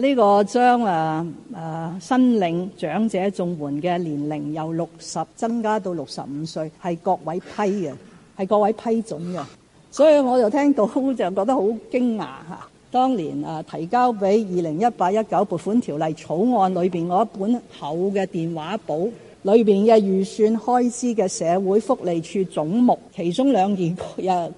呢個將誒誒申領長者綜援嘅年齡由六十增加到六十五歲，係各位批嘅，係各位批准嘅，所以我就聽到就覺得好驚訝嚇。當年誒、啊、提交俾二零一八一九撥款條例草案裏邊嗰本厚嘅電話簿裏邊嘅預算開支嘅社會福利署總目，其中兩件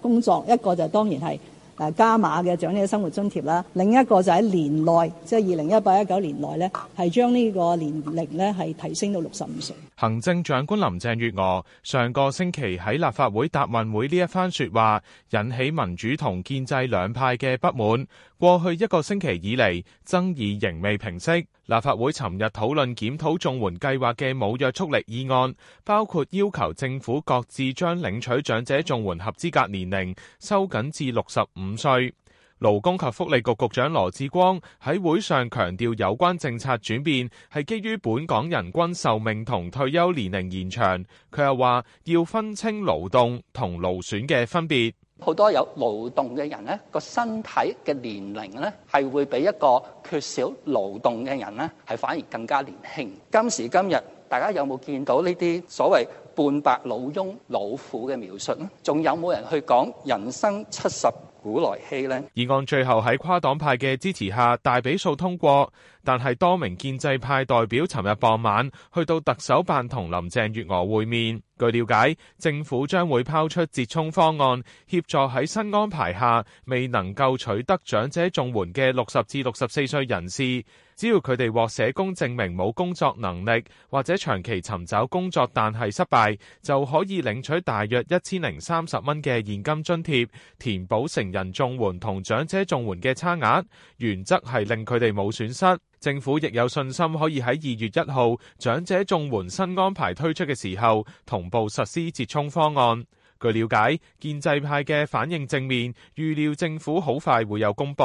工作，一個就當然係，誒加碼嘅長者生活津貼啦，另一個就喺年內，即係二零一八一九年內呢，係將呢個年齡呢係提升到六十五歲。行政長官林鄭月娥上個星期喺立法會答問會呢一番說話，引起民主同建制兩派嘅不滿。過去一個星期以嚟，爭議仍未平息。立法會尋日討論檢討綜援計劃嘅冇約束力議案，包括要求政府擱置將領取長者綜援合資格年齡收緊至六十五歲。勞工及福利局局長羅致光喺會上強調，有關政策轉變係基於本港人均壽命同退休年齡延長。佢又話要分清勞動同勞損嘅分別。好多有勞動嘅人咧，個身體嘅年齡咧，係會比一個缺少勞動嘅人咧，係反而更加年輕。今時今日，大家有冇見到呢啲所謂半白老翁老婦嘅描述咧？仲有冇人去講人生七十古來稀咧？議案最後喺跨黨派嘅支持下，大比數通過。但係多名建制派代表尋日傍晚去到特首辦同林鄭月娥會面。據了解，政府將會拋出折衷方案，協助喺新安排下未能夠取得長者綜援嘅六十至六十四歲人士，只要佢哋獲社工證明冇工作能力或者長期尋找工作但係失敗，就可以領取大約一千零三十蚊嘅現金津貼，填補成人綜援同長者綜援嘅差額，原則係令佢哋冇損失。政府亦有信心可以喺二月一號長者綜援新安排推出嘅時候同步實施折衷方案。據了解，建制派嘅反應正面，預料政府好快會有公布。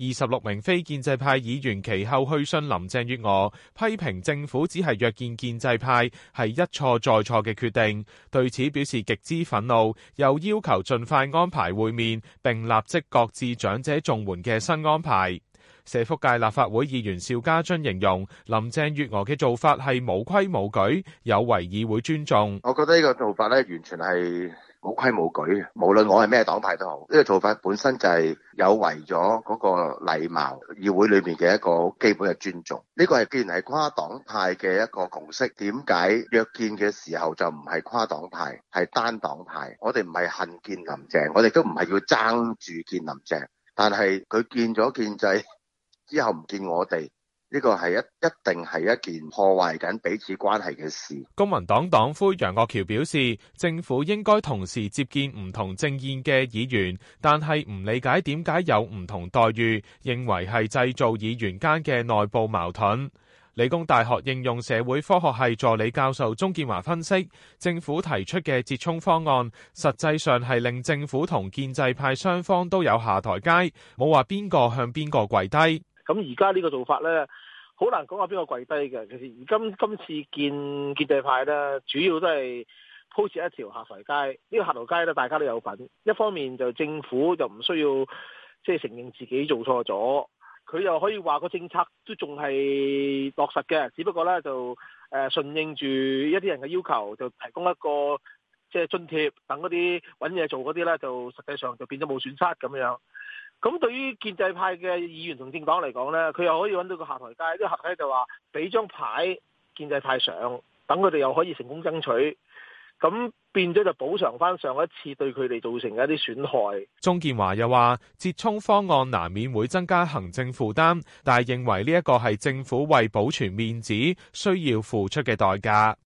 二十六名非建制派議員其後去信林鄭月娥，批評政府只係約見建制派，係一錯再錯嘅決定，對此表示極之憤怒，又要求盡快安排會面，並立即擱置長者綜援嘅新安排。社福界立法會議員邵家臻形容林鄭月娥嘅做法係無規無矩，有違議會尊重。我覺得呢個做法咧完全係無規無矩，無論我係咩黨派都好，呢個做法本身就係有違咗嗰個禮貌議會裏面嘅一個基本嘅尊重。呢個係既然係跨黨派嘅一個共識，點解約見嘅時候就唔係跨黨派係單黨派？我哋唔係恨見林鄭，我哋都唔係要爭住見林鄭，但係佢見咗建制。之後唔見我哋呢個係一一定係一件破壞緊彼此關係嘅事。公民黨黨魁楊岳橋表示，政府應該同時接見唔同政見嘅議員，但係唔理解點解有唔同待遇，認為係製造議員間嘅內部矛盾。理工大學應用社會科學系助理教授鍾建華分析，政府提出嘅折衷方案實際上係令政府同建制派雙方都有下台階，冇話邊個向邊個跪低。咁而家呢個做法呢，好難講話邊個跪低嘅。其實而今今次建建制派呢，主要都係鋪設一條下台階。呢、這個下台階呢，大家都有份。一方面就政府就唔需要即係、就是、承認自己做錯咗，佢又可以話個政策都仲係落實嘅。只不過呢，就誒、呃、順應住一啲人嘅要求，就提供一個即係、就是、津貼等嗰啲揾嘢做嗰啲呢，就實際上就變咗冇損失咁樣。咁對於建制派嘅議員同政黨嚟講呢，佢又可以揾到個下台階，啲客體就話俾張牌建制派上，等佢哋又可以成功爭取，咁變咗就補償翻上，上一次對佢哋造成嘅一啲損害。鍾建華又話：折衷方案難免會增加行政負擔，但係認為呢一個係政府為保存面子需要付出嘅代價。